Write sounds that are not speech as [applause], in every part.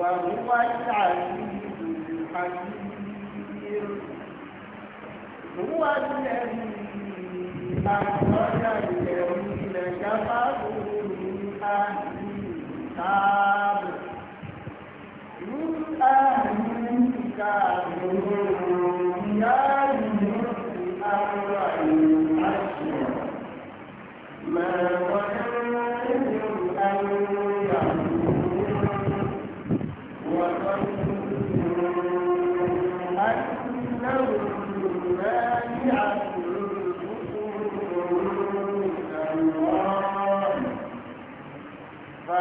وهو العزيز الحكيم هو الذي أخرج الذين كفروا من أهل الكتاب من أهل الكتاب من أهل الكتاب ما وجدوا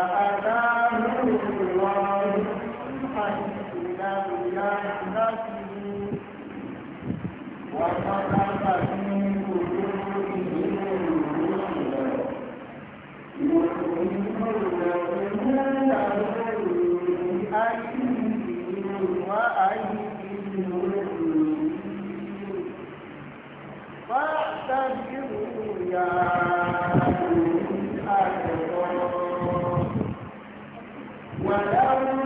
فاعتذروا يا ولا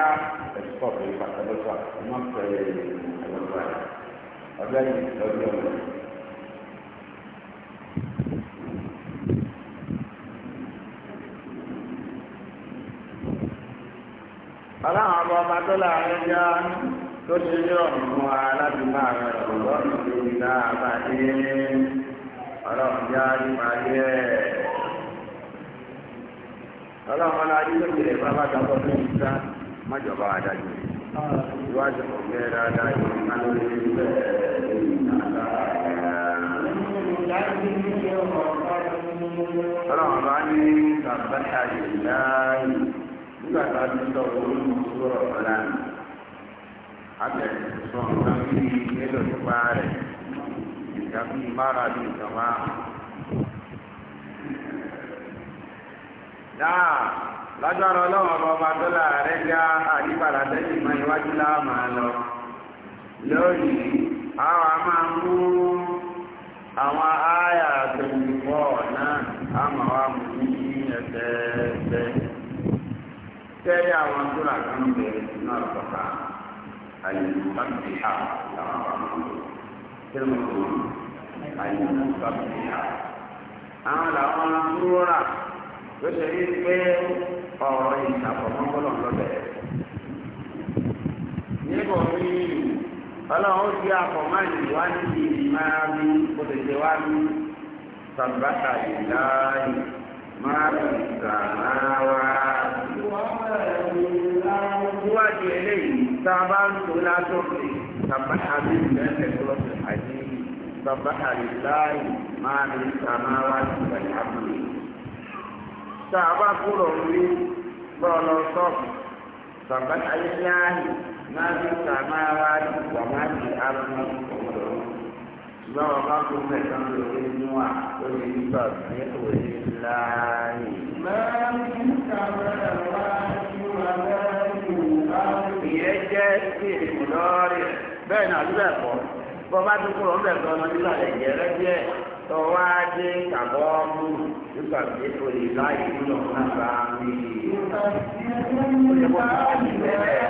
ká ẹ̀sọ́ pé pàtàkì ọmọ pẹ̀lẹ́ ọlọ́gbà ọjọ́ yìí lọ́jọ́ ọ̀la. ọlọ́run ọba ọba tó láàrin yá tó ṣe ní ọ̀rùn fún wa láti máa rẹ̀ ọ̀rọ̀ ìlú náà bá dé ọlọ́run yá nípa yẹ ọlọ́run ọlá adé tó kéré bàbá tó kọ́ fún ìta májọba adájú ìwádìí ọ̀gbẹ́ dáadáa yóò ká lórí bẹ́ẹ̀ ọlọ́run bá ní sàbẹ́ta yìí láàyè nígbà tá a ti sọ olóògùn sọ̀rọ̀ ọ̀la nù abẹ́rẹ́ sọ nǹkan bí mélòó nípa rẹ̀ ìjà bí mára bí ìjọba. dáa lágbára ọlọ́run ọba ọba tó láàárẹ̀ já àdípadà tẹ́sí mọ́ iwájú láàmà lọ lónìí àwọn a máa ń mú àwọn ááyà tòun pọ̀ náà a máa wá mú ní ẹ̀ẹ́dẹ́gbẹ́ tẹ́lẹ̀ àwọn tó là kán bẹ̀rẹ̀ sínú àpọ̀ta àyùmọ̀tàbíhà làwọn àwọn àmọ́ tẹ́lẹ̀ mọ́ àyùmọ̀tàbíhà àwọn làwọn tó rà lóṣèlú pé ọ̀rọ̀ ìṣàkóso gbọ́dọ̀ lọ́bẹ̀. níbo ní ọlọ́run ti àkọ́mọ́ ìwá níbi máa rí òṣèṣe wá ní sàbàtà ìdáyì máa rí ìgbàláwa. síwájú eléyìí tá a bá ń tó lásòkè sàbàtà bí ìgbẹ́sẹ̀ tó lọ́sẹ̀ ìdáyì máa rí ìgbàláwa ti gbàláwa. tá kúrò rí bọ́ọ̀ lọ sọ́ọ̀kì sọ̀gbọ́n ayélujára máa fi sàmára wà máa fi arúgbó ọ̀dọ́ ṣùgbọ́n wọn bá kó mẹ́ta ń lò ó nínú à ó lè ní bá ní òye láàyè. máa fi sàmára wà ní wà máa fi ìyẹn jẹ́ sí ìmúlọ́ọ̀rẹ́ bẹ́ẹ̀ ni àdúrà ẹ̀kọ́ bọ́ bá dúkúrò ń bẹ̀ sọ ọmọ nígbà lẹ́yìn rẹ́ díẹ̀ tọ́wá dé kàbọ́ mú nígbà tí o lè láyé nínú ọ̀nà bá mi. o lè wá ní bẹ́ẹ̀.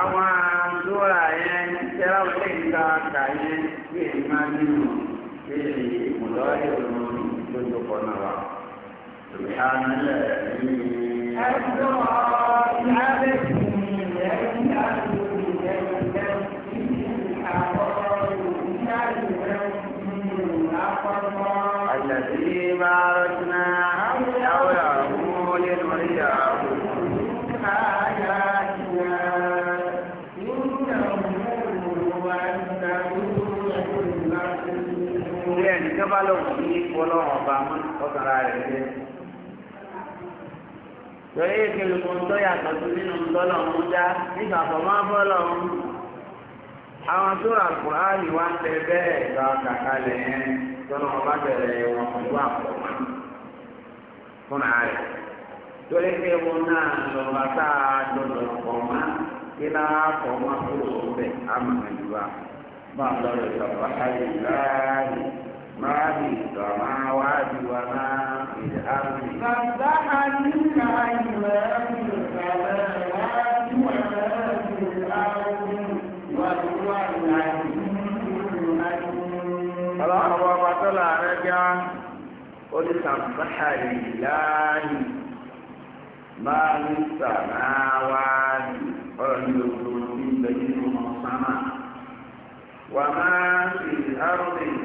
àwọn àdúrà yẹn tẹ́lá wọn lè ta kà yẹn bí èyí máa nínú bí èyí ìmùlọ́ yóò lọ lójú kan náà wà. Subhanallah. Ẹ̀sùn ọ̀. torí èké lóko ń tó yàtọ̀ ndọla nínú ńlọ́lọ́ ń dá nígbà tó máa bọ́ lọ́wọ́ àwọn tó rà kùránì wá ń bẹ́ẹ̀ lọ kàkálẹ̀ yẹn tọ́nà ọba bẹ̀rẹ̀ wọn pẹ̀lú àpọ̀mọ́ fún torí náà tá a dọ̀dọ̀ kí náà kúrò ìlú ما في السماوات وما في الأرض سبح لله ما في السماوات وما في الأرض وهو Ọlọ́run ọba tó láàárẹ̀ já ó ní sàmùsáhà ìlànà máa ń sàmáwáàdì ọ̀rọ̀ ní gbogbo ní ìgbẹ́jú ọmọ sámà. Wà máa ń fi àrùn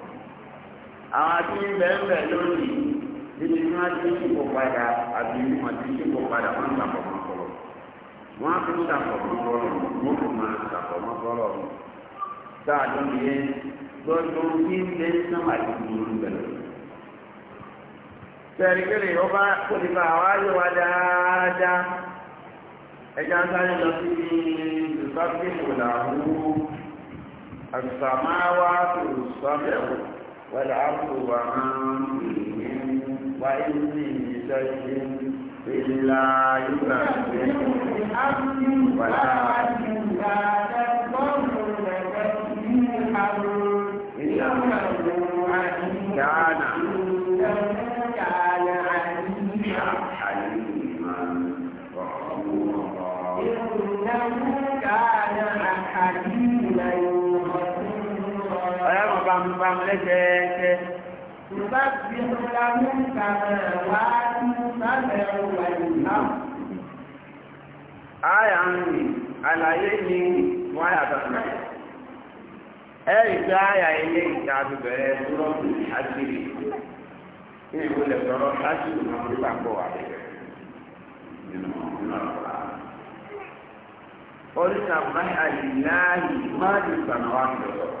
àwọn àti bẹ́ẹ̀ lónìí níbi tí wọ́n ti padà àbí wọ́n ti ṣe padà wọ́n ń sàkọ̀ mọ́ sọ̀rọ̀ wọ́n á fi sàkọ̀ mọ́ sọ̀rọ̀ wọ́n fi máa sàkọ̀ mọ́ sọ̀rọ̀ sáàdó yẹ gbọ́dọ̀ kí n bẹ sábà ti dúró bẹ̀rẹ̀. والعرض ومن فيهم وإن من شيء إلا يسبح بحمده ولكن لا wọn lẹ́sẹẹsẹ. Yorùbá ti ọ̀la mẹ́ta bẹ̀rẹ̀ wá sí sábẹ̀ wà ìlànà. Àyà ń rìn, àlàyé ni wọ́n yàtọ̀ náà. Ẹ̀rì tí àyà ilé ìta ti bẹ̀rẹ̀ lọ́dún àṣírí. Ní ìwé sọ̀rọ̀ láṣìírí náà nígbà pọ̀ wà bẹ̀rẹ̀. Nínú ọ̀nà ọ̀la. Oríṣà máa àlìláàyè máa dùn sànà wà pẹ̀lú.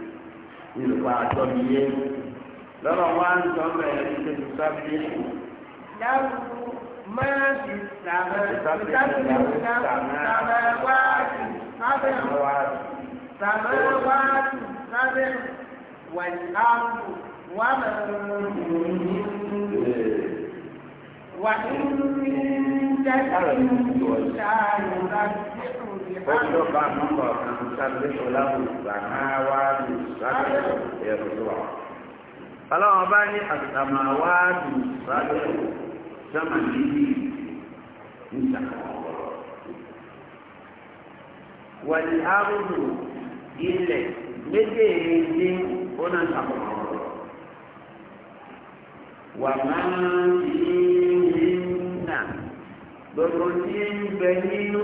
nípa àtọ́miyé lọ́rọ̀ wá ń sọ bẹ́ẹ̀ ní ṣe ìsáfíìsì. láwùjọ máa fi sàmà ìsáfíìsì sàmà wáàtì sábẹ̀ sàmà wáàtì sábẹ̀ wàlúwàlú wà máa wà ní jẹ́ kí n ṣàlùbáṣí ó ń lọ bá nọ́mbà kan sábẹ́ ọláwù sàmáwá lù sábẹ́ ẹ̀rọ tó wà. ọlọ́run bá ní àtàmáwá lù sábẹ́ sọ́mà níbi níta. wàlí àrùnù ilẹ̀ méjèèjì ó náà sàkóso. wà máa ń fi ń nà gbogbo tí ń bẹ nínú.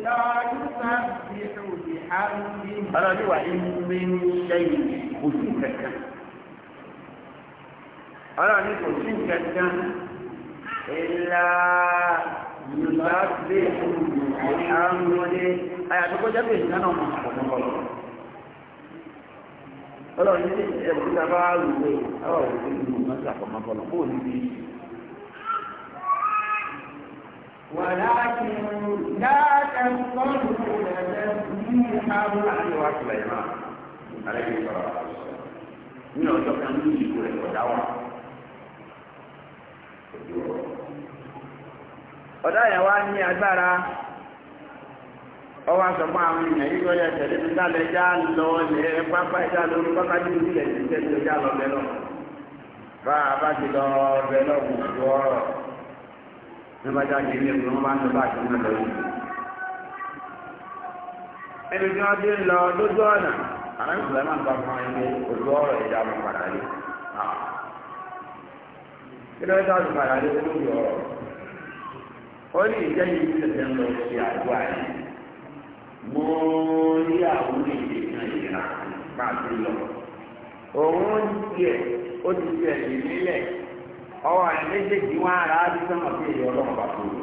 ọlọ́run ní wà ìwé ń ṣẹ́yìn kò sí kankan ọlọ́run ní kò sí kankan ìlà yorùbá gbé àrùn wọlé àyàtọ̀ kọjá bèèrè náà mọ̀ ọ̀pọ̀lọpọ̀ ọlọ́run ní a ولكن لا تفضلون تسبيحهم عليه سليمان عليه والسلام من ní ọ̀dá ní agbára ọwọ́ àwọn èèyàn yìí lọ́yẹ̀ tẹ̀lé mi dálẹ̀ já lọ ilẹ̀ pápá ìjà lórí pápá tí ó tilẹ̀ já lọ bá bá ti lọ nígbà tí a jẹ́ ilé ìgbìmọ̀ bá ń lọ bá àti ìmọ̀ lọ yìí ẹni tí wọ́n ti ń lọ lójú ọ̀nà àwọn ìṣẹ̀lẹ̀ máa ń bá fún ẹni ojú ọ̀rọ̀ ìjà mọ̀ padà rí kí ló dá ọ̀sùn padà rí olóògbé ọ̀rọ̀ ó ní ìjẹ́ yìí ti tẹ̀sẹ̀ ń lọ sí àdúrà yìí mo rí àwọn ìdè náà ìlànà bá a lọ òun ń tiẹ̀ ó ti tiẹ̀ nílẹ̀ ọwọ́ rẹ̀ méjèèjì wá ara bí sọ́nà sí èdè ọlọ́run bá fún mi.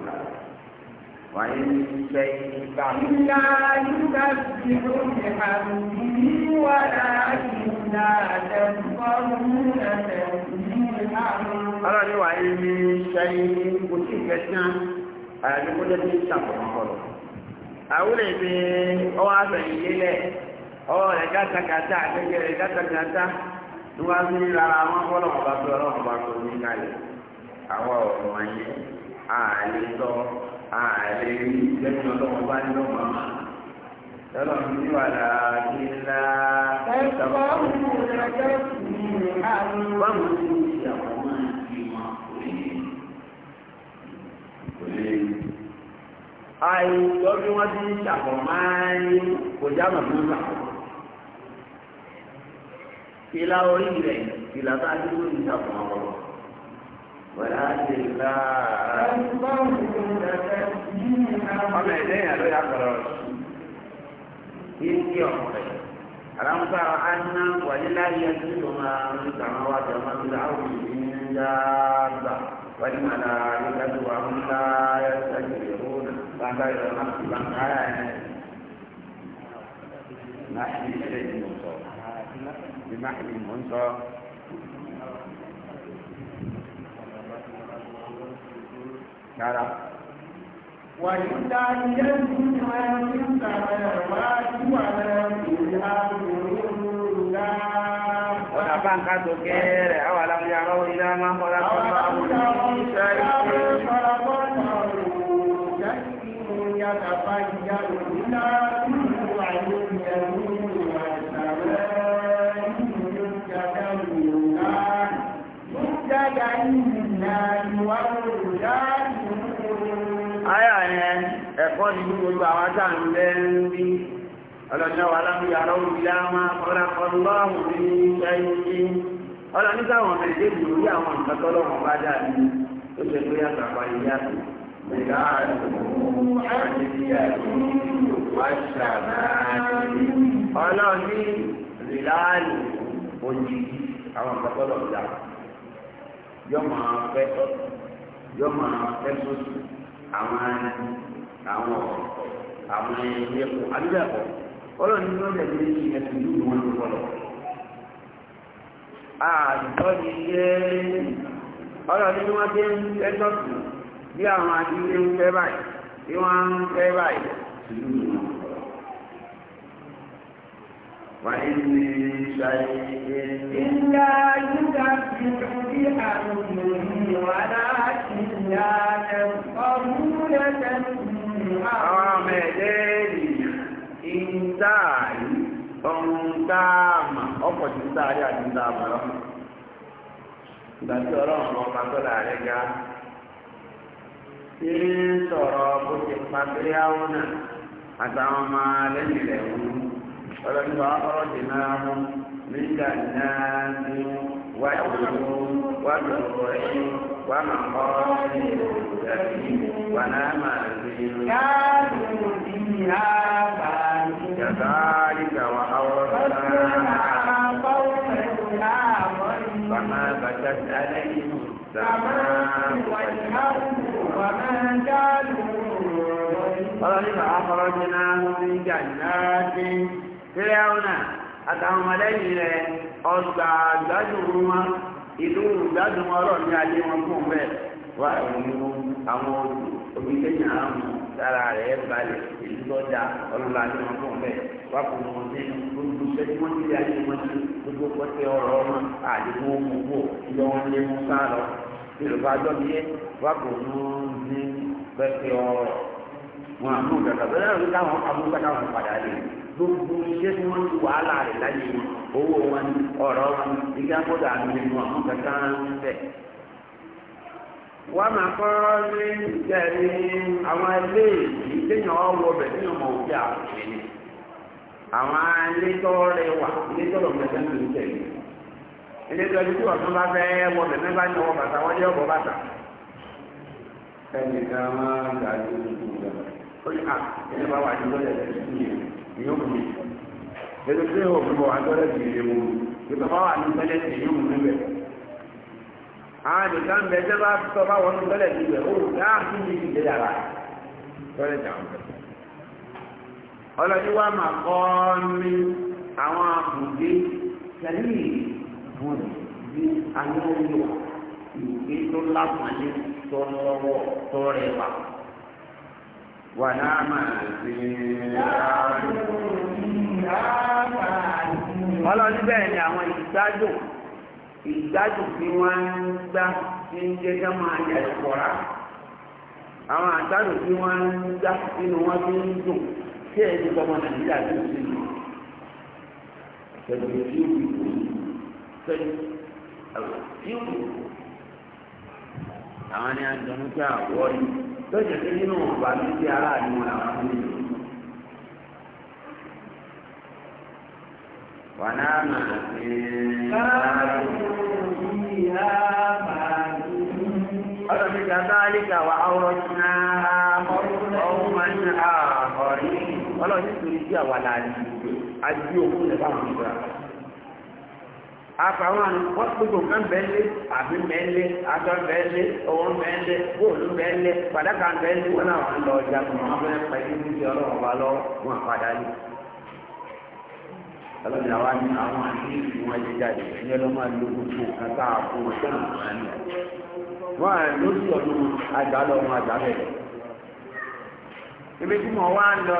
wàá yẹ ṣe ìgbà ìlà yúgà ti lóde àmì wà láàyè náà tẹ̀síwọ́rún tẹ̀síwọ́rún. ọlọ́ni wàá yẹ ṣe sí ń ọwọ́ lélẹ̀ ọwọ́ rẹ̀ rẹ̀ tí wọ́n á ní lára wọn bọ́lọ̀ wọn bá tó ọlọ́run bá tó ní kalẹ̀ àwọn ọ̀rọ̀ wọn yẹn àlè sọ àlè rí lẹ́yìn ọlọ́run bá ní lọ́mọ àmà lọ́lọ́run ní wà láàbí ńlá. ẹ̀sọ́ òun ẹgbẹ́ mi àwọn. báwo ni ìyàwó máa fi wọn kò lè kò lè. wọ́n ti ń ṣàkóso máa ń kò já màmú ṣàkóso fìlà orí rẹ̀ fìlà bá dé lórí ìtàkùn àwọn ọ̀rọ̀. Wẹ̀lá ti la. Ọmọ ẹ̀dẹ́ yẹn ló yà kọ̀rọ̀ ìdí ọ̀pẹ. Àlàmúta Anna wàlílá yẹ kí ló máa ń sàmà wá jẹ ọmọ ìlà òkú ní dáàbà. Wàlí màlá yóò dájú wà ń lá yẹ sẹ́yìn ìrò náà. Bàbá yóò máa fi bàbá yà ẹ̀. Láti ṣe ìmọ̀ bí máàlì mò ń sọ. Rárá. Wàyí dáadé yẹ́ ní ìwọ̀n ní ìtàrà wá sí wà lẹ́yìn ìyá òmìnira. Wọ́n náà bá ń ká tó kẹ́rẹ̀, àwọn aláwọ̀ yàrá òmìnira máa ń kọ́ láti ọ̀pọ̀ àwọn òmìnira. nínú gbogbo àwọn táwọn lẹ́ńdí ọlọ́ni àwọn alámúyàrá òbílá máa kọ́ra ọlọ́run ní ṣáyé ọlọ́ni táwọn ọmọ ìdè ìlú rí àwọn nǹkan tọ́lọ́run bá dà ní ó ṣe pé yàtọ̀ àpáyé yàtọ̀ ìlà àdùnnú àti ìyàtọ̀ wáṣàmáàlì ọlọ́ni rìláàlì òjijì àwọn nǹkan tọ́lọ́run dà àwọn ẹni àwọn àwọn ẹyẹ kù àdúgbò ẹ̀kọ́ ọlọ́run ní wọ́n tẹ̀lé ní ìyẹn ihe dúró wọn ló fọlọ́. àjọ ti ṣe ọlọ́run ní wọ́n ti ń tẹ́tọ́ sí bí àwọn adúlé ń fẹ́ báyìí bí wọ́n ń fẹ́ báyìí àwọn ọmọ ẹ̀dẹ́ẹ̀lì ìntààrí ọ̀run dáàmà ọkọ̀ tí ń tààrí àti dáàmà lọ. ìgbà ọlọ́run lọ bá tọ́lá ga tí ń sọ̀rọ̀ bó ti pa pé náà àtàwọn ọmọ lẹ́yìn rẹ̀ وعيون وبرع ومقاصد كريم ونماذج كانوا فيها كذلك وأورثناها قومنا فما بكت عليهم السماء والأرض وما كانوا قال أخرجناهم من جنات فرعون àtàwọn ọmọlẹ́yìn rẹ̀ ọgbà gbádùn wọn ìlú gbádùn ọ̀rọ̀ ní ayé wọn fún bẹ́ẹ̀ wà àwọn obìnrin àwọn sára rẹ̀ balẹ̀ ìlú lọ́jà ọlọ́lá ní wọn fún bẹ́ẹ̀ wà kò mọ̀ ní gbogbo sẹ́ni wọ́n ti ayé wọn sí gbogbo pọ́tẹ́ ọ̀rọ̀ ọmọ àdìgún òmùgbò yọ wọn lé wọn sá lọ yorùbá dọ́bi yẹ wà kò mọ̀ ní pẹ́tẹ́ ọ̀rọ̀ wọn àmú ìdàgbà bẹ́ẹ̀ ló dáwọn abúlé káwọn padà lè gbogbo iṣẹ́ tí ti wàhálà láyé owó wọn ọrọ wọn ìgbà àmì àwọn máa kọ́ ní àwọn ilé yìí téèyàn ọwọ́ bẹ̀ àwọn ìṣẹ̀lẹ̀ àwọn ilétọ́ wà ilétọ́ lọ́mọ ẹ̀sẹ̀ ilétọ́ ibi tí tún bá fẹ́ wọ bẹ̀ ó ní à ẹni bá wà ní lọ́lẹ̀ ẹ̀sìn yìí yóò mú mi ẹni tí yóò mú wà lọ́lẹ̀ ẹ̀sìn yìí mú mi ìgbà bá wà ní lọ́lẹ̀ ẹ̀sìn yóò mú mi bẹ̀. àwọn àdìgbà ń bẹ ẹjẹ́ bá sọ bá wọn ní lọ́lẹ̀ ẹ̀sìn yìí ó láàfin ní ìdílé yàrá lọ́lẹ̀ ẹ̀sìn àwọn bẹ̀rẹ̀ ọlọ́dún wa máa kọ́ mi àwọn àbùdé tẹ̀lé ìbùdó bí anáwó ìgbé tó lápàlẹ́ tó lọ́wọ́ tó wàlámà sí ọlọ́ni bẹ́ẹ̀ ni àwọn tí ń gbá ní máa yẹ ìpọ̀ra àwọn àgbádùn tí wọ́n ń gbá nínú wọn fi ń dùn kí ẹ̀ ní gbọmọ nàìjíríà tó ti lù tẹ̀lé tí ó fi kù iwu. tí a ń dọ̀nù àwọ̀ yìí. lọ́jọ́ pé nínú ọ̀gbà mi sí ara àdúgbò làwọn fún mi. wà náà mà sí. ọ̀dọ̀ mi kà bá lìkà wà áwọ̀ ṣìnà ọ̀hún ọ̀hún ọ̀rí ọlọ́run nítorí bí àwa la ní àdúgbò fún ẹ̀ báwọn ìgbà. àfàwọn gbogbo nǹkan bẹ́ẹ̀lẹ́ àbí bẹ́ẹ̀lẹ́ aṣọ bẹ́ẹ̀lẹ́ owó bẹ́ẹ̀lẹ́ bóòlù bẹ́ẹ̀lẹ́ wọn náà wọn lọ ọjà fún wọn fẹ́ pẹ̀lú lọ wọn padà ní. àwa ní àwọn jáde lo gbogbo nǹkan tá a fún wọn sọ́nà wọn wọn ọdún àgbà lọ wọn àgbà bẹ̀rẹ̀. ibi tí mo wá ń lọ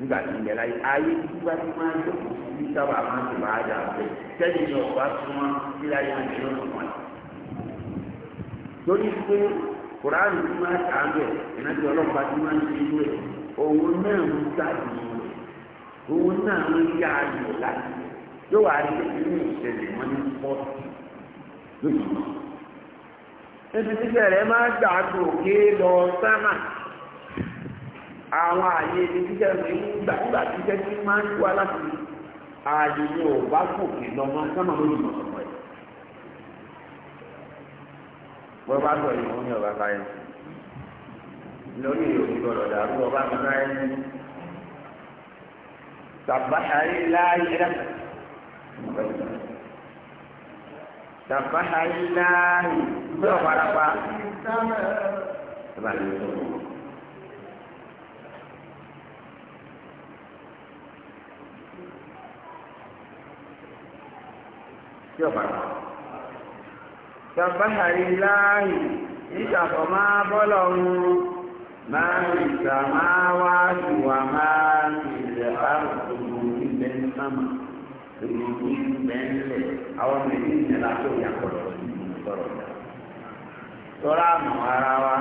nígbà tí ìyẹn láyé ayé nígbà tí máa ń jókòó sí bí sábà máa ń tèmọ̀ àjà àbẹ̀ sẹ́yìn ní ọ̀gá súnmọ́ sí láyé àti lọ́sùn wọn. lórí pé kùránì tí máa kà á bẹ̀ ìrántí ọlọ́pàá tí máa ń ṣe inú òun náà ń sáàbì òun náà ń yá ayò láti yóò wá rí inú ìṣẹ̀lẹ̀ wọn ní pọ́ọ̀tù lójúmọ́. ebi tí bẹ̀rẹ̀ máa dàgbò gé lọ sámà àwọn àyè ibi títẹ̀ rẹ̀ ń gbà nígbà tí iṣẹ́ tí máa ń wá láti ààyè ni ò bá gòkè lọ́mọ sọ́mọ lórí mọ̀ sọ́mọ yìí. wọ́n bá sọ ìwọ̀n ní ọ̀bá sáyẹ́nsì lórí ìròyìn gbọ́dọ̀ dàrú ọba sáyẹ́nsì tàbáhárí láàyè tàbáhárí láàyè gbọ́dọ̀ parapa. tí ọ̀bà kan. Sàbáhàrí láàyè ìṣàkọ̀ máa bọ́lọ̀ ọ̀run máa ń ìṣà máa wá ìwà máa ń ìṣẹ̀ àrùn ìgbẹ́ ní màmá. Èmi ìgbẹ́ ńlẹ̀ àwọn ọmọ ìdí ìjẹ́lá tó yà pọ̀lọ̀ sọ̀rọ̀ yà. Tọ́lá àmọ̀ ara wa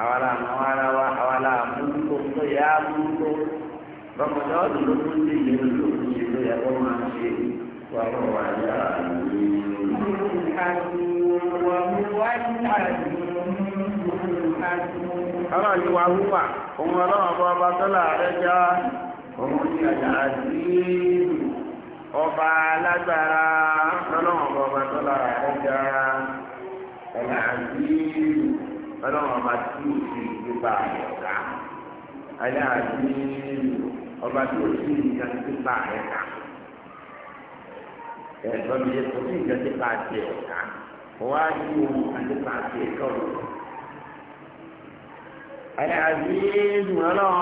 awala awala wa awala muto to ya muto rọpọtọ ọdún ló kún sí ìyẹn ló kún yẹ kó máa ṣe وهو العليم الحكيم وهو العليم الحكيم أرى وهو هم رابا بطلع رجا هم العزيز ọba alágbára ọlọ́run ọba tọ́lá ẹja ọ̀là àdìrú ọlọ́run ọba tí ò sí ìgbà ẹ̀ka ẹ̀là àdìrú ọba tí ò sí ìgbà ẹ̀ka. ẹ̀gbọ́n mi yẹ kò sí nǹkan pa àti ká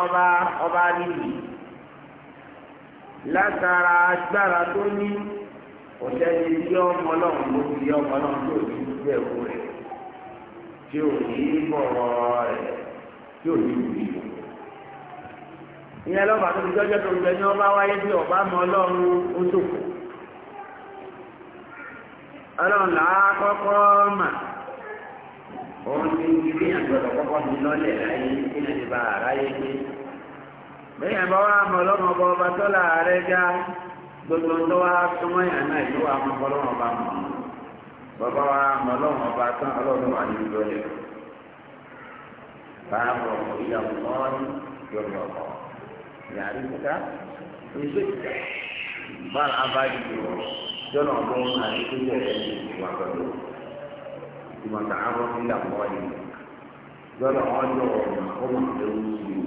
ọba ọba látara agbára tó ní ọ̀sẹ̀ni tí ọmọ ọlọ́run ló fi ọmọ ọlọ́run tó ní ẹ̀kọ́ rẹ̀ tí ò ní bọ̀rọ̀ rẹ̀ tí ò ní wùdí ìyẹn lọ́ba tó ti ọlọ́run làákọ́kọ́ mà òun ti ń gbé àgbọ̀dọ̀ kọ́kọ́ bí lọ́lẹ̀ láyé kí ni ti bá àráyé gbé bẹ́ẹ̀ bá ọba ọba tó já gbogbo tó yàn náà jọ́nà ọdún àti kíkẹ́ ẹ̀ ní ìwà pẹ̀lú ìmọ̀ tààrọ̀ sí ìdàpọ̀ yìí jọ́nà ọjọ́ ọ̀nà ó mọ̀ pé ó ń ní ní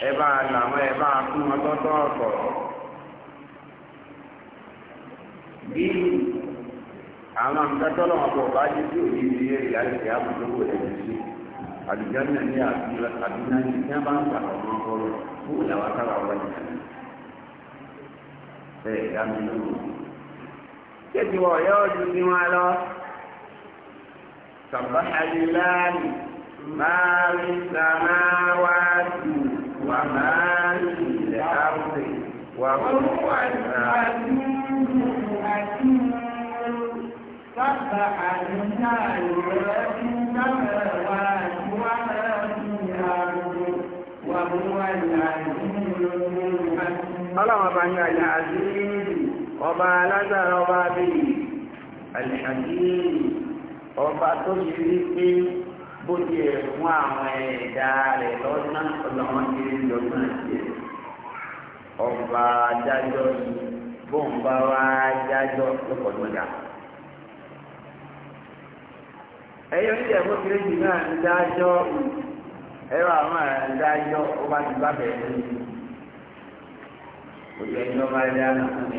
ẹ bá là wọn ẹ bá kú wọn lọ́tọ̀ ọ̀tọ̀ bí àwọn akẹ́kọ̀ọ́ lọ́wọ́ bọ̀ bá jẹ́ sí òní ní èrè àti àbùdókò ẹ̀mí sí àdìjọ́nà ní àdìjọ́nà ní kí wọ́n bá ń gbà ọ̀nà ọ̀rọ̀ fún ìyàwó akára ọ̀rọ̀ ìjọba ẹ̀ ẹ̀ dá mi lóhùn kéèkì wọ̀ yọ́ ju ní wọn lọ sàbáhà lílá máa ń sàmáwá sí سماء الأرض وهو العزيز الحكيم سبح لله ما في السماوات وما في الأرض وهو العزيز الحكيم اللهم بارك العزيز ọba alágbára ọba abẹ́yẹ alìhàndí ọba tó ṣe wípé bó ti ẹ̀ fún àwọn ẹ̀dá rẹ̀ lọ́nà ọlọ́mọdé lọ́nà tiẹ̀. ọba adájọ́ yìí bóńbá wa adájọ́ lọ́kọ̀ọ́dúnrún ẹyọ ní ẹ̀fọ́ kiri jù náà ń dájọ́ ẹ̀rọ àwọn àrà ń dájọ́ ti bá bẹ̀rẹ̀ òjò ẹni ọba ẹ̀dá náà fún mi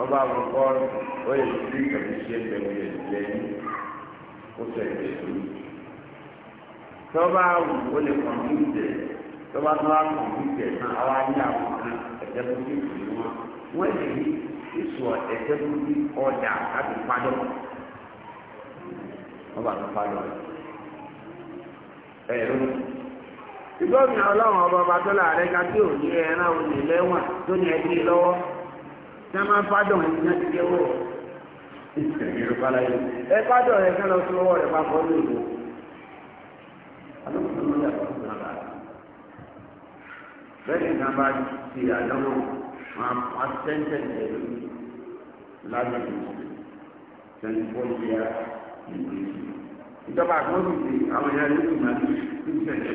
ọba bá wọn kọ́ ó lè fi ebe ṣe pẹ̀lú ìjẹ́ yìí ó sọ èdè tó yìí. tọ́ba wù ó lè kọ̀m̀pútẹ̀ tọ́ba tó wá kọ̀m̀pútẹ̀ náà àwa ní àwọn kan ẹ̀jẹ̀ tó ti ọba ọba tó láàrẹ́ ká tí ò ní ẹran òní lẹ́wọ̀n tó ní ẹbí lọ́wọ́. tí wọ́n máa ń fádọ̀ ní iná ti jẹ́wọ́ ẹ fádọ̀ rẹ̀ kán lọ sí ọwọ́ rẹ̀ papọ̀ ní ìbò bẹ́ẹ̀ ni bá ti àdánwò wọn á tẹ́ńtẹ́ ìdẹ̀rù lágbègbè twenty four years ìgbésí ìjọba àgbọ̀dù ti àwọn èèyàn ní ìgbìmọ̀ ní ìṣẹ̀lẹ̀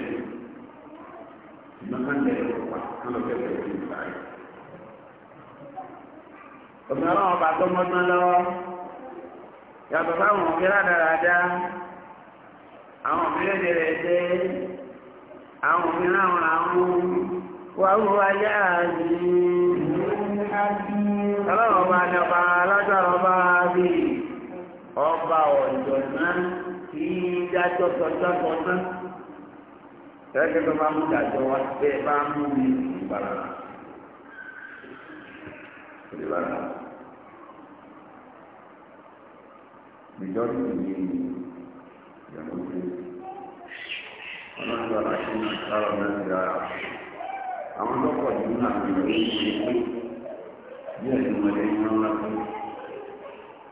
ìgbìmọ̀ kan lẹ́yìn ọ̀pá kí wọ́n lọ bẹ̀rẹ̀ ìgbà yìí òmìnira ọba tó mọ́tán lọ́wọ́ yàtọ̀ sáwọn òbí rádaràdá àwọn òbí lédè rẹ̀ dé àwọn òbí láwọn àwọn wàhùn ayé àbí ọlọ́run ọba ni ọba alágbára ọba bí ọba ọ̀dọ̀ náà kì í dájọ́ tọ́jọ́ tọ́jọ́ gẹ́gẹ́ tó bá mú dájọ́ wá bẹ́ẹ̀ bá mú mi ìgbàlára lè bá nà. Ìjọ́jú yìí ni ìyàwó ṣe. Ọlọ́run bá ṣe ń sára mẹ́rin dára. Àwọn lọ́pọ̀ nínú àwọn ìlú ṣe pé bí ẹ̀sìn wọlé ní wọn lọ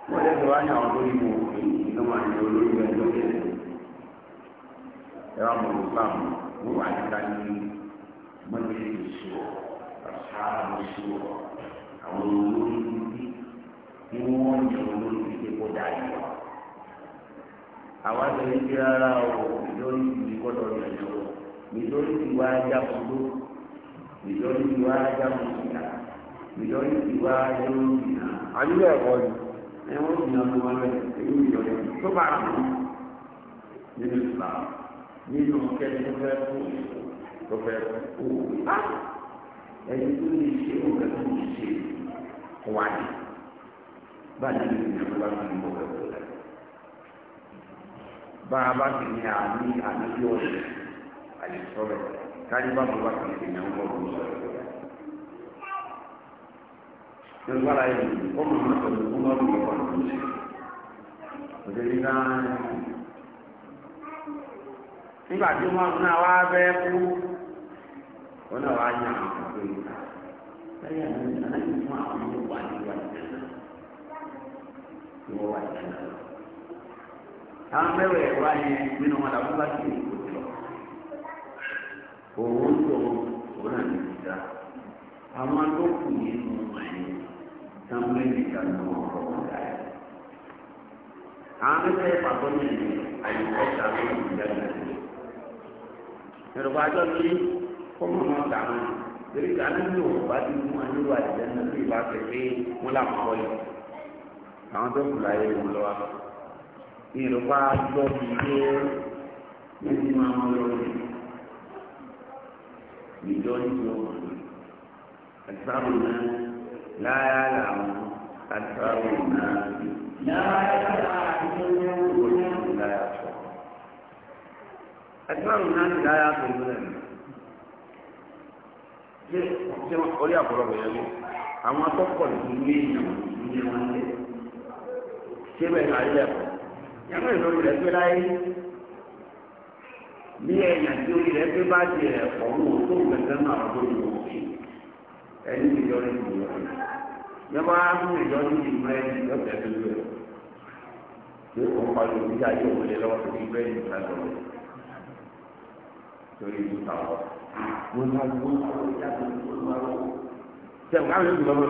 Wọ́n lè sọ wá àwọn tó ní mo iná máa ní olórí ẹjọ́ kẹ́sì. Ẹ̀rọ àmọ̀ ló bá wọ́n wà níta ní mọ́tò ìṣòro, àṣà àmọ̀ ìṣòro àwọn olórí títí tí wọ́n yẹ olórí títí kó dà yìí lọ. àwa tẹ̀lé ti rárá o ìjọ́rí ti gbọ́dọ̀ yẹ lọ ìjọ́rí ti wá ajá fúdó ìjọ́rí ti wá ajá fúdó ìjọ́rí ti wá ajá fúdó. àyùbá ẹ̀kọ́ ni. ẹ̀wọ́n ti yàn ló wá lẹ́yìn èyí ìjọ́rí tó bá a mú nínú ìlà nínú kẹ́ni tó fẹ́ kú tó fẹ́ kú. Ah! ẹni tó lè ṣe ó kẹ́ni tó lè wáyé báyìí ní ìjọba bá ti mọ̀ ẹ̀kọ́ rẹ̀ bá saya anak cuma mau wajib wajib mau wajib àwọn mẹwẹ ẹwà yẹn nínú wọn làwọn bá ti lè kó lọ òun tó òun náà lè dá àwọn tó kù nínú wọn yẹn sáwọn ẹni kan ní wọn kọ wọn dá yẹn àwọn mẹwẹ pàtó ní ẹni àyùkọ sáwọn ìdílé náà lè yorùbá àjọ ní kọ́mọ̀nà ọ̀gá wọn torí ká ní ní òun bá ti mú àníwò àjẹ́ náà bí ìbá fẹ́ pé wọ́n là máa wọlé àwọn tó kù láyé wọn lọ́wọ́ ìrùbá gbọ́ mi dé níbi máa ń lórí ìjọ nínú àtàwọn náà láyà làwọn àtàwọn náà láyà làwọn àtàwọn náà láyà tó lórí ṣé orí àpọ̀lọpọ̀ yẹn ló àwọn akọ́kọ̀ tó ní èèyàn ní wọn lé ṣé náà ilé ẹ̀kọ́ yàtọ̀ ìlórí rẹ̀ pé láyé bí ẹ̀yàn tí orí rẹ̀ pé bá ti ẹ̀kọ́ wò tó gbẹ̀gbẹ́ máa tó ní ẹni ìjọ rẹ̀ kò yọ̀ yọba mú ìjọ ní ìmọ̀ ẹni ìjọ tẹ̀ tó ṣé o ń pariwo bí ayé òwúlé lọ́wọ́ tó ti gbẹ́ ìgbà lọ́wọ́ torí ìlú tàwọn sẹ́wọ̀n gbogbo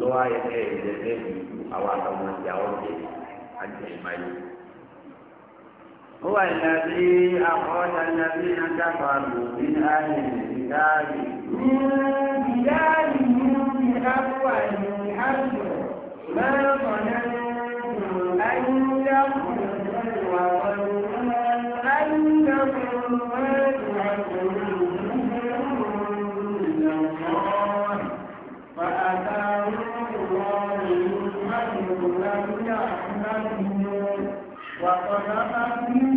tó wáyé ẹ̀ ẹ̀ ẹ̀ ẹ̀ àwọn àtọmọ̀ ìyàwó ẹ̀ àti ẹ̀ هو الذي أخرج الذين كفروا من أهل الكتاب من بلادهم بأول الحجر ما ظننتم أن تخرجوا وظنوا أنكم واقعون من الله فأتاهم الله من حيث لم يحمده وقذف في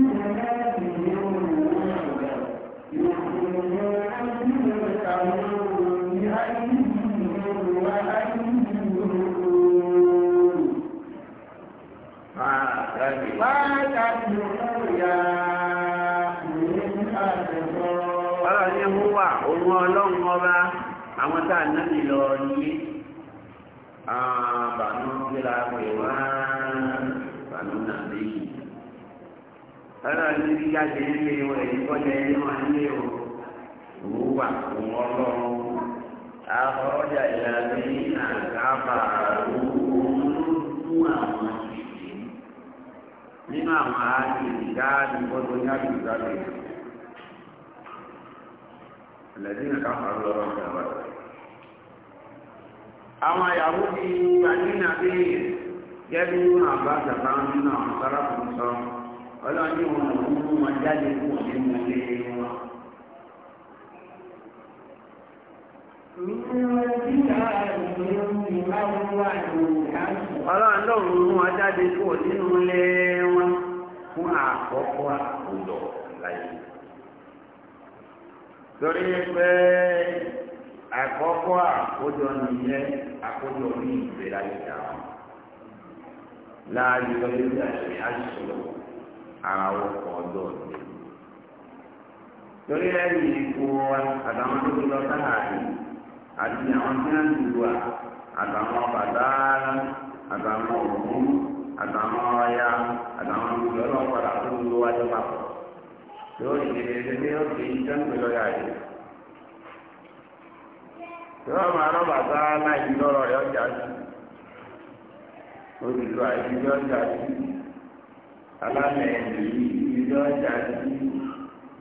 ọ̀rọ̀ ní mú wà òun ọlọ́run ọba àwọn tá a nábì lọ nílé àbànú gbéra pè wá bànú nàbí ọ̀rọ̀ ní bí jáde nílé ìwọ̀ èyí kọ́lẹ̀ ẹni wà nílé o mú wà òun ọlọ́run àwọn ọjà ìlànà ìlànà àbàrú òun ló dún àwọn nínú àwọn ààyè ìdáàbí gbọ́dọ̀ ní àbí ìdáàbí ẹlẹ́dín náà káfà lọ lọ sí àwọn ọ̀rọ̀. àwọn ìyàwó ti gbanínà bí gẹ́gẹ́ bí wọn àbá àgbà nínú àwọn sáráàfù sọ ọlọ́run ní wọn ò mú wọn jáde kúrò nínú ilé wọn. Ọlọ́run lòun mú wọn kúrò nínú ilé. fún àkọ́kọ́ àkùdọ̀ láyé. torí pé àkọ́kọ́ àkójọ nìyẹn àkójọ ní ìgbéra ìjà wọn. láàyè àṣẹ ara torí ikú wa àtàwọn tó lọ sáàárín àti àwọn tí wọ́n ń dùn wa àtàwọn bàbá àtàwọn àtàwọn ọ̀ya àtàwọn olùdó ọlọ́run padà tó ń lo wájú papọ̀ yóò ṣe ṣe ní ọ̀sẹ̀ yìí sẹ́ńpẹ̀ lọ́yà yìí. yóò máa rán bàtà láì lọ́rọ̀ rẹ̀ ọjà sí olùdó àìsíjọ́ ọjà sí alámẹ̀ yìí ìjọ ọjà sí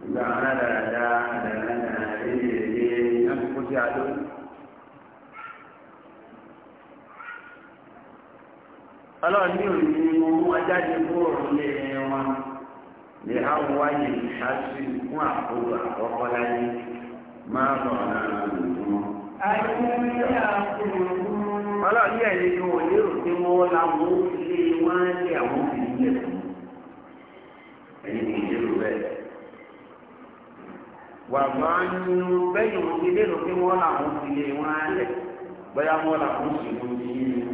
ìgbà wọn dáadáa dáadáa lè lè lè lè lè lè lè ọlọ́run ní òní ni mo mú ajáde kúrò lé wọn lè àwọn wáyé ìṣáṣí fún àkókò àkọ́kọ́ láyé máa bọ̀ náà ní ẹ̀yìn ni wọ́n lérò pé wọ́n wọn lé àwọn òbí wọ́n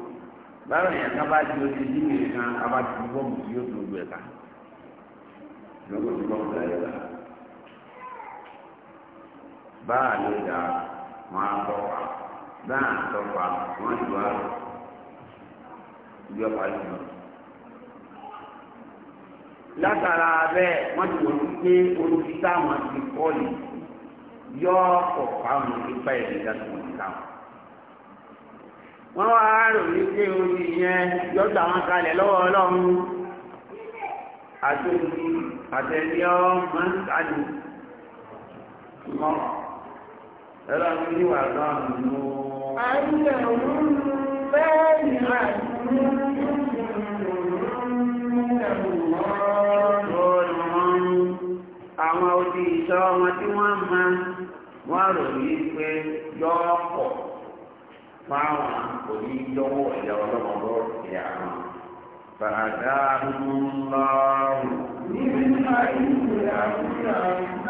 báwọn èèyàn kan bá di oṣù tí mi kan a bá ti bọ́ mu yóò tó gbẹ ká lọ́gbọ̀n tó bọ́ mu láyé la báà ló dà wọn á tọ́ pa báà tọ́ pa wọn ju àrò ìjọ parí lọ. látara bẹ́ẹ̀ wọ́n ti wọ́n ti pé olùsítáwọn ti kọ́ ni yọ ọ̀pọ̀ àwọn ìpá ìrìnàjò wọn ti dáhùn wọ́n wá rò ní pé omi yẹn yọ́gbà wọn kalẹ̀ lọ́wọ́ ọlọ́run àtòkù àtẹ̀lẹ́ ọmọ sálù mọ́ ẹ̀rọ ní wà lọ́rùn nù. àyẹ̀ òun bẹ́ẹ̀ ni àwọn odi ìṣọ́ ọmọ tí wọ́n máa wọ́n rò ní pé yọ́ pọ̀ fáwọn onídọ́wọ́ ìyá ọlọ́mọdọ́ ìyá wọn. فأتاهم الله من حيث يعلمون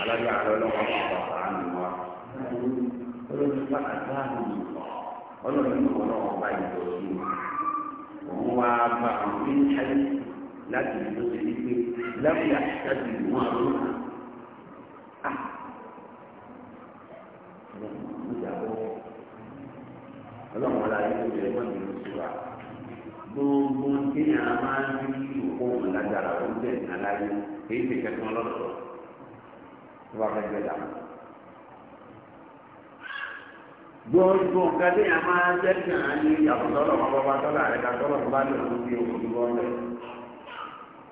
على جعل له الله عنه فأتاهم الله ọlọ́run ní ọ̀nà ọba ìdọ̀tí òun wá bá àwọn ní ṣáyé láti ìlú tó ti di pé lábẹ́ àṣáájú àdéhùn rẹ̀ mọ̀ nínú síwá gbogbo téèyàn máa ń rí òkú òun lágbára òun tẹ̀ ní aláyé èyí ti kẹ́kọ̀ọ́ lọ́dọ̀ tó bá fẹ́ gbẹ̀dà mọ́. gbogbo nǹkan téèyàn máa ń tẹ̀sán ní àbùsọ̀rọ̀ ọ̀pọ̀pọ̀ tọ́lá rẹ̀ ká tọ́lọ̀ tó bá lè lọ́dún bí òkú bọ́ bẹ́ẹ̀.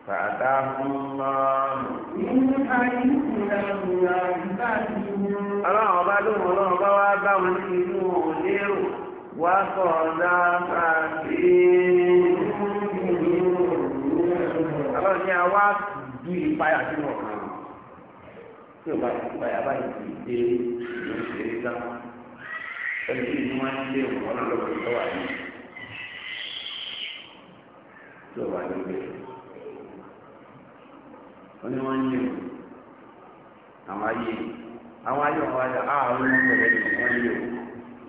فأتاه الله من حيث لم يحتسب. الله أبدا الله أبدا من إنه ليرو wàkọ̀ọ̀dá àti àwọn ní àwa du ìpayà sí wọn kan tí o bá ti ìpayà báyìí ti dé ìlú ìṣeré sá ẹni tí ìlú wọn ti dé ìwọ̀n náà lọ́wọ́ ìtọ́wà yìí tí o bá ti dé wọ́n ní wọ́n ń yẹ̀ àwọn ayé àwọn ayé wọn wájà àwọn ọmọ ọmọ rẹ̀ ni wọ́n ń yẹ̀ wọ́n.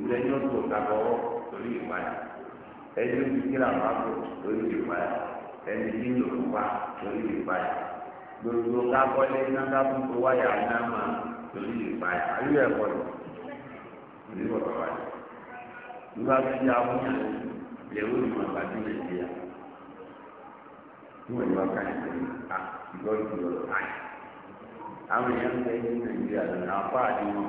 ìwé yóò tó kakọwọ torí ìpayà ẹni tí kíra máa tó torí ìpayà ẹni tí yóò tó pa torí ìpayà gbogbo kakọlé kakọ tó wáyà náà máa torí ìpayà ayé ẹ̀kọ́ ah, lọ torí bọ̀dọ̀ wáyà nígbà tó yà wọ́n yà lẹ́wọ́ ìmọ̀ àbájú nàìjíríà níwọ̀n ìwà ká ìgbẹ́ni à ìgbọ́dọ̀ ìgbọ́dọ̀ àyè àwọn èèyàn ń bẹ ní nàìjíríà lọ́nà àpá àdéhùn.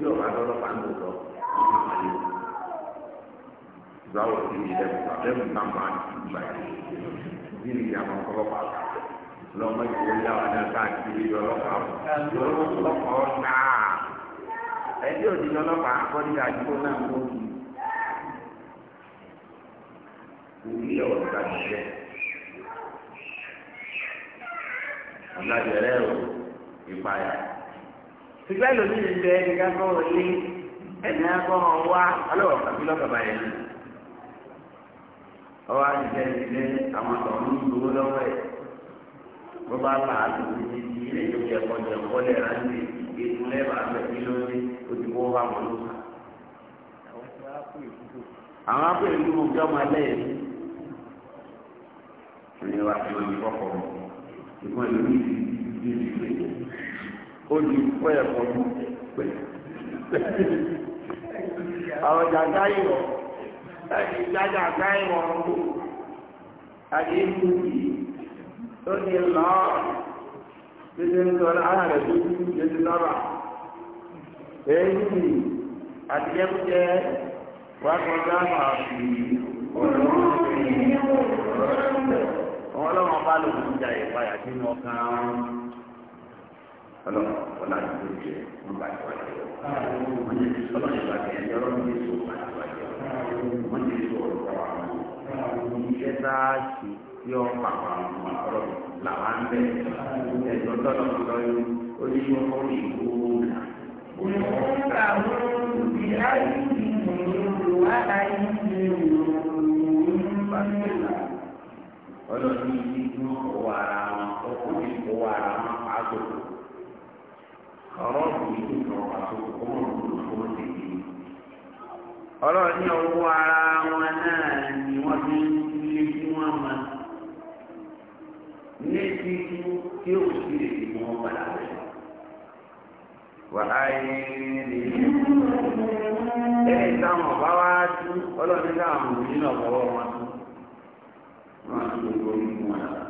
tí ọba lọ́lọ́pàá ń lò lọ ìgbà wo ti di lẹ́nu lẹ́nu náà máa ń gbà yìí bí ni àwọn ọlọ́pàá kà lọ́mọ ìwé yàrá náà káàkiri ọlọ́pàá ọlọ́pàá ọ̀nà ẹbí òdi ọlọ́pàá akọ́ni àdúgbò náà ń gbóòkì òbí ọ̀rọ̀ ta nìyẹn ọ̀nà ìrẹ́rù ìpayà ṣùgbọ́n ẹlòmí ń bẹ ẹni kákọ́ wọlé ẹni akọ́ wá alọ́ àbí lọ́kàbà yẹn ọwọ́ àtijọ́ ẹni lé àwọn ọ̀hún gbowó lọ́wọ́ ẹ̀ bó bá bá a lò ní ti ilé tó yẹ kọjá kọ́lẹ̀ rántí ètò lẹ́bàá bẹ̀ kí ló ní ojúbọ wa wọn ló kà. àwọn akọ ìlú mọ̀ jọ́ máa lẹ́yìn ní wàá fi wọn ní kọ́kọ́ ìlú ní ìlú ìlú ìlú ìlú. ó di fún ẹ̀kọ́ àwọn jàdá ìwọ̀ ẹni jàdá ìwọ̀ ọ̀hún àti ikú tó ní lọ títí ń rẹ̀ tó lọ́rọ̀ èyí àti jẹ́kújẹ́ wà kọjá fi ọ̀rọ̀ ọ̀rọ̀ ọ̀rọ̀ ọ̀rọ̀ ọ̀rọ̀ ọ̀rọ̀ ọ̀rọ̀ ọ̀rọ̀ ọ̀rọ̀ ọ̀rọ̀ ọ̀rọ̀ ọ̀rọ̀ ọ̀rọ̀ ọ̀rọ̀ ọlọ́run ọ̀la ìlú jẹ wọn bá ìwà jẹ wọn yẹ kí sọlá ìwà jẹ ẹni ọlọ́run yẹ sọ bá ìwà jẹ wọn yẹ sọ ọ̀rọ̀ bá wà wọn iṣẹ́ tá a ṣe tí ó pa wà làwa ń bẹ ẹjọ́ tọdọ tọdọ yìí ó ní kí wọn kọ ọ̀la. ọlọ́run yìí ní ọwọ́ ara wọn ọkùnrin ọwọ́ ara wọn pàápàá. ọ̀rọ̀ bụ kan pàtó kó mọ̀ ní ara wọn náà ni wọ́n fi ń kí wọ́n ní ti tí ó sì lè fi padà táwọn ọ̀bá wá tú táwọn náà fọwọ́ wọn tú. gbogbo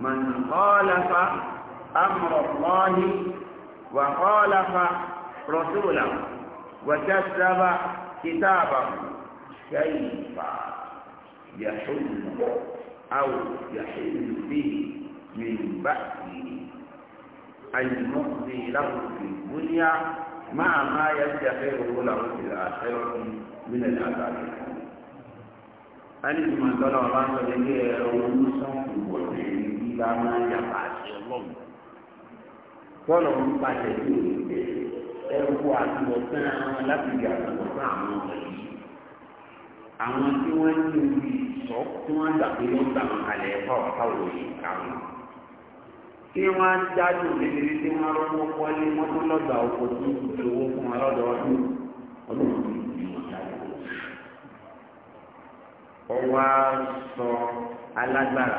من خالف أمر الله وخالف رسوله وكذب كتابه كيف يحل أو يحل به من بأسه المقضي له في الدنيا مع ما يستحقه له في الآخرة من العذاب أنا من قال الله تعالى: "أولم يسمعوا bá máa ń yàgbà àṣẹ ọlọ́run bọ́ọ̀lù ń pàṣẹ sí òṣìṣẹ́ ẹ̀rù àtúbọ̀tán àwọn láti di àtúbọ̀tán àwọn ọmọ yìí àwọn tí wọ́n ní orí tí wọ́n gbà pé wọ́n gbà wọn kalẹ̀ ẹ̀fọ́ wọ́n dájú tí wọ́n sọ alágbára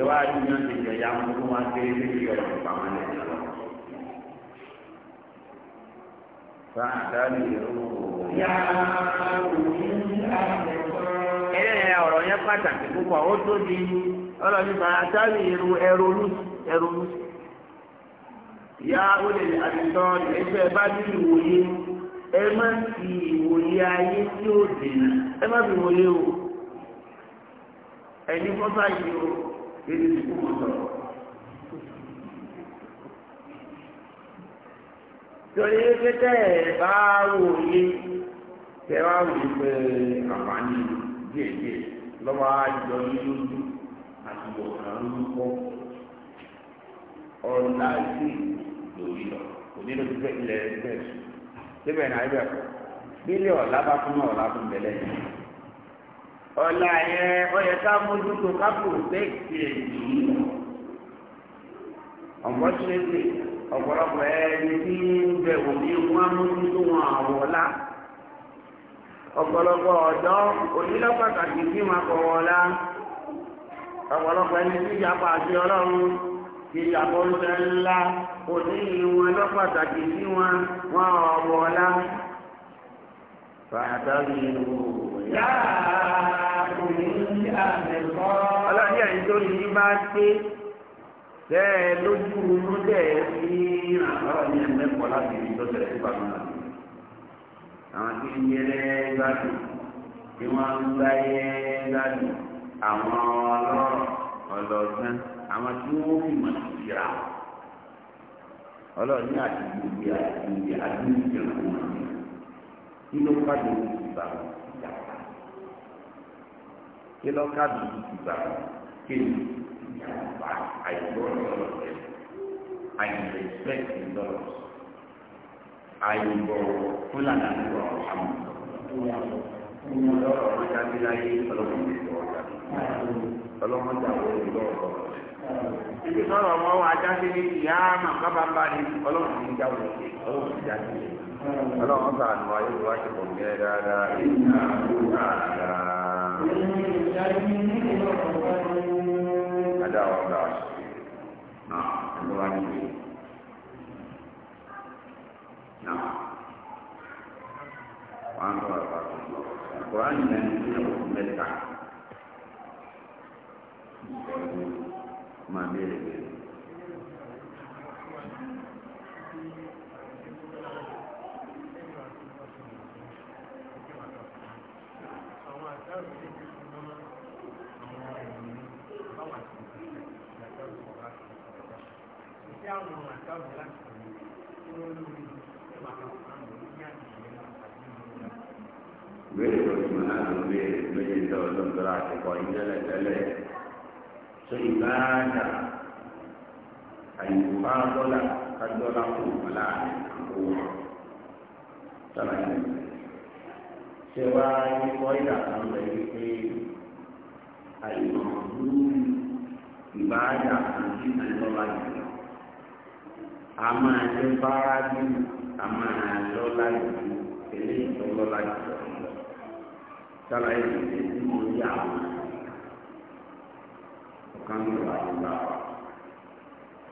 ìwà àdúgbò ti jẹ ya mú kó máa kéré níbi ọ̀rọ̀ pàmò ní ẹ̀yà lọ. Fáàdáàlì ẹlẹ́yìn ọ̀rọ̀ yẹn pàtàkì púpọ̀ ó tó di ọlọ́ọ̀ni fàádáàlì irú ẹrú ẹrú. Ìyá olè àtìtọ́ ẹgbẹ́ bá dídì ẹ má fi ìwòye ayé tí ó dènà ẹ má fi o fọ́fà yìí o. kéde sukuu torí pé tẹ́ ẹ bá wò yé tẹ́ wá wò yé pé àǹfààní díẹ̀díẹ̀ lọ́wọ́ àjọ yíyó àti ọ̀kan lórúkọ ọ̀rọ̀ láìsí lórí lọ kò nínú fífẹ́ ilẹ̀ ẹgbẹ́ sùn síbẹ̀ náà ẹgbẹ́ kọ bílíọ̀ lábá fún ọ̀la fún bẹ̀lẹ́ yìí. ọ̀la yẹn ó yẹ ká mójútó ká pòtẹ́kì èyí ọ̀pọ̀ṣẹ́lẹ̀ ọ̀pọ̀lọpọ̀ ẹni tí ń bẹ̀ wò ní wọn mójútó wọn àwọ̀lá ọ̀pọ̀lọpọ̀ ọ̀dọ́ onílọ́pàtàkì tí wọn kọ̀ wọ́lá ọ̀pọ̀lọpọ̀ ẹni tí ìjàpá àti ọlọ́run ńlá lọ́pàtàkì tí wọn wọn ọlọ́ni ẹ̀yìn tó ní bá dé bẹ́ẹ̀ lójú inú dẹ̀ ní àwọn ní ẹ̀mẹ́kọ̀ọ́ láti rí tó tẹ̀lé fún àwọn àti àwọn tí ń yẹrẹ gbádùn tí wọ́n ń gbá yẹ gbádùn àwọn ọlọ́rọ̀ ọlọ́gbọ́n àwọn tí wọ́n fi mọ̀ sí ìra ọlọ́ni àti gbogbo àti àdúgbò ìjọba wọn nínú pàdé ìbáwọ̀ kí lọ́ka dùdú ti gbà kí ni ìyá àgbà àìgbọ́n lọ́rọ̀ rẹ̀ àìrẹ̀spẹ̀tì lọ́rọ̀ àìbọ̀wọ̀ fúlàní àdúgbò ọ̀hánù lọ́rọ̀ ọ̀rọ̀ jáde láyé ọlọ́mọdé lọ́wọ́ ọlọ́mọdé àwọn olùlọ́rọ̀ rẹ̀. Ibi sọ̀rọ̀ wọn wá jáde ní ìyá àmà kábàbà ni ọlọ́run ti jáwé ọlọ́run ti jáde ọlọ́run bá àná ayélujára ṣe pọ̀ gẹ́gẹ́ dáadáa adáwọ̀ dáa ṣe náà ẹgbẹ́ wá níbi náà wọ́n tó àgbà tó lọ ọ̀rọ̀ àyìnbá ní lọ́dọ̀ àti kọ́ ìdẹ́lẹ̀ tẹ́lẹ̀ tó ìbáàdà àyùbá dọ́là kájọ́lá kò wọ́n láàrin àkókò wọn sábà ní ìlú. ṣé wá ní kọ́ ìdà kan lẹ́ wípé àyùbá ìbáàdà kan sí àyùbá yìí a máa ń bá a máa lọ́la jù eléyìí tó lọ́la jù lọ sálàyé ìdílé nínú ìyá àwọn ọ̀kan ní ìwà ìgbà wa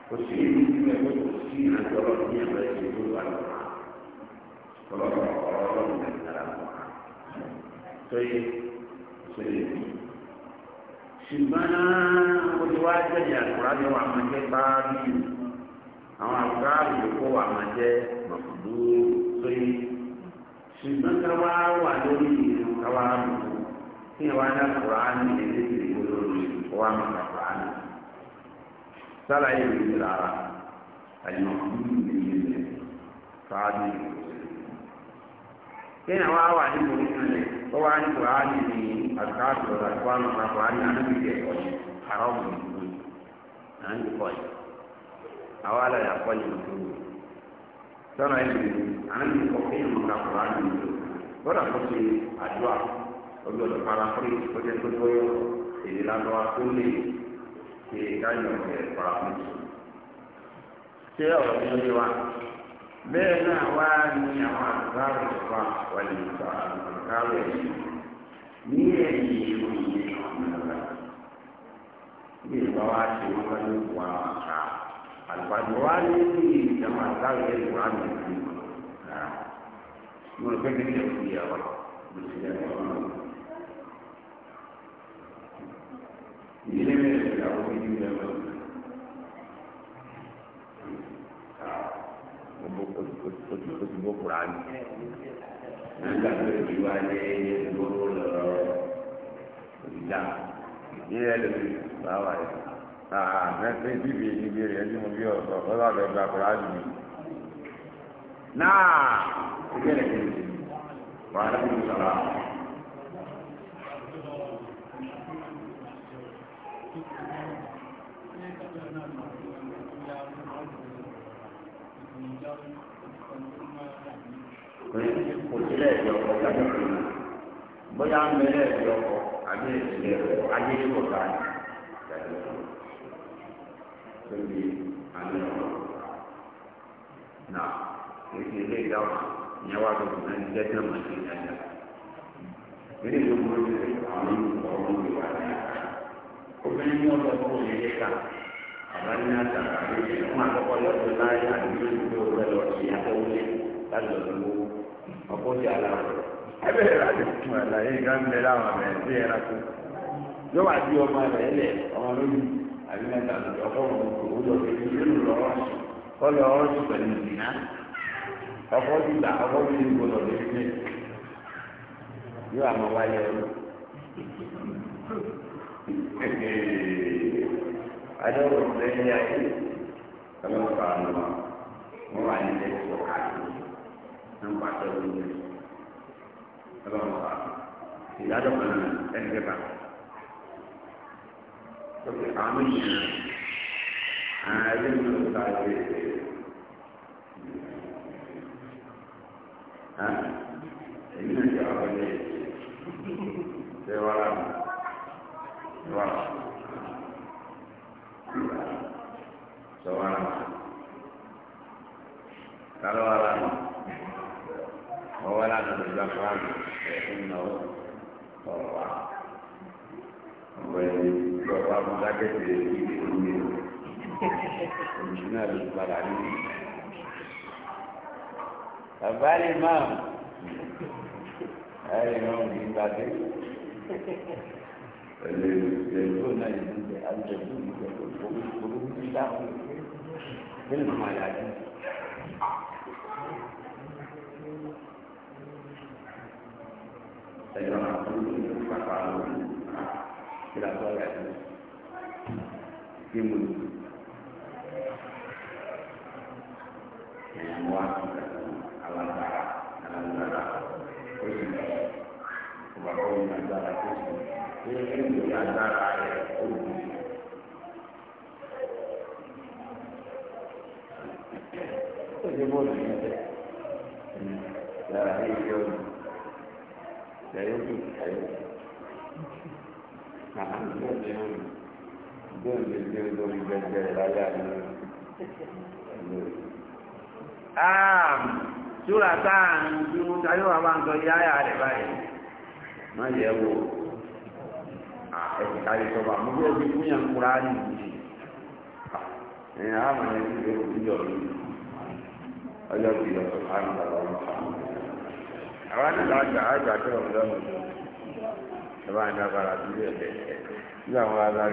kò sí ìlú sílẹ̀ kó kò sí ìrìnàjò ọlọ́run ní ẹ̀rọ ẹ̀sìn tó wà lọ́wọ́ ọlọ́run ọ̀rọ̀ ọlọ́run ní ìdára wọn sọyẹ sọyẹ ṣùgbọ́n ó ti wá jẹ́jẹ́ àkùrá ni wàá máa jẹ́ báábí àwọn àkùrá àbùkù wàá máa jẹ́ mọ̀kúndú sọyẹ. ṣùgbọ́n ká wá wà lórí ìlú ká wá mú kí wá dá kùránì ẹ̀dẹ́ ti kó lórí wá mú ká kùránì. sálàyé mi ti rárá àyàn kúrú mi ní ilẹ̀ fáájú kí ni wá wà nínú ìpínlẹ̀ ó wá ní kùránì ní àkáàtù ọ̀dà tó wà mú ká kùránì àdúgbò ìjẹ̀kọ̀ yìí àrọ́ mi ní ìlú à yìí àwa sọ́nà ẹ̀sìn àmì ìkọ̀kẹ́ ìlú ka kura ní ìlú lọ́dà tó ṣe àdúrà ọjọ́ ọ̀dọ̀ para fún mi ó jẹ́ tó tó yọ èdè lánàá wa tó lè ṣe káyọ̀ ẹ̀ para fún mi. ṣé ọ̀rọ̀ mi lè wá bẹ́ẹ̀ náà wá ní àwọn àgbáwò wa wà lè gba àgbáwò ní ẹ̀yìn ìlú ìlú ọ̀nà rẹ̀ bí ìgbà wa ṣe wọ́n bá ní wà á kà á àlùfáàjọ wa ní bí ìjàmbá sáré ẹ̀rọ wa ní ìlú rárá mo rò pé kí ni ẹ̀kú yà wá mo sì yà wá wọn. ìdílé mi rẹ̀ ìyàwó mi ní ìlú ẹ̀rọ mi. Ojú bó kura ni. Nígbà tó ti wá ní ẹyẹ gbogbo lọ́rọ́ ìjà. Ìdílé ẹ̀rọ mi bá wà yẹn. àfẹ́fẹ́ bíbí níbi rẹ̀ ní mo bí ọ̀sọ̀ ọlọ́dọ̀ gba kùránì mi. náà ìbéèrè kejì wà á lóyún sọ̀rọ̀. kò sílẹ̀ ẹ̀jọ̀ bóyá ń bẹ̀rẹ̀ ẹ̀jọ̀ ọkọ̀ àbí ìṣẹ̀lẹ̀ ọkọ̀ ìlà ọ̀sán tó kùnà ní ní ìlú ọkọ ti gbà ọkọ ti ní gbọ́dọ̀ lórí ilé yóò àmọ́ wáyé ọdún [laughs] adéwò ọdún ẹni ayé ọlọ́pàá ọmọ wọn wà nílé ẹ̀kọ́ káàkiri wọn bá tẹ ọdún yẹn ọlọ́pàá ìdájọ́ kan náà ẹni kẹfà àwọn ènìyàn àwọn ẹgbẹ́ mi ò sáré ẹgbẹ́. èyí náà jẹ́ àwọn ilé ṣe wá láàmú ṣe wá láàmú ṣe wá láàmú kálọ̀ wá láàmú ọwọ́ láàmú ló gbà fún àmì ẹ̀kún náà ọ̀rọ̀ wá ọ̀rọ̀ ẹni tí ọba mú dákẹ́tì rẹ̀ kí ìdílé mi ò ní náà ló padà nínú. bàbá lè má ẹ lè má òbí gbàgbé ẹlẹ ìgbẹ́jọ́ náà yìí ń bẹ alùpùpù ìgbẹ́jọ́ olùkóró ń dáhùn bẹ́ẹ̀ ló máa yájú. ẹ̀yọ́ máa kú ní pápá lórí ìlà tó ọ̀rẹ́ àti gémù ẹ̀yìn wá kíkà tó wù. alágbára alágbára ó sì kó bàbá òun agbára tó sì pé ẹgbẹ́ agbára rẹ̀ ó bù. ó ṣe bọ́ọ̀lù yìí tẹ̀ yàrá yìí fi ọ̀nà yàrá yìí kàyé màá ń gbé ọ̀nà yìí bẹ́ẹ̀ lè gbé lórí gbẹgbẹ láyé àná. Amen súra táà ń bí mú táyọ̀ wà bá ń sọ yáyà rẹ̀ báyìí má yẹ wò ẹ̀sìn kárí sọ́ba mo bí ojú fún yàn kúrá ní ìdí ẹ̀yìn àmà yẹn ti gbé òkú jọ lórí ọjọ́ bí ọ̀sọ̀ fáwọn ọ̀sọ̀ ọ̀sọ̀ fáwọn àwọn àdàlà àgbà àgbà tó ọ̀dọ́ ọ̀dọ́ ẹ̀ bá ń dábàrà sílẹ̀ ẹ̀ nígbà wọn bá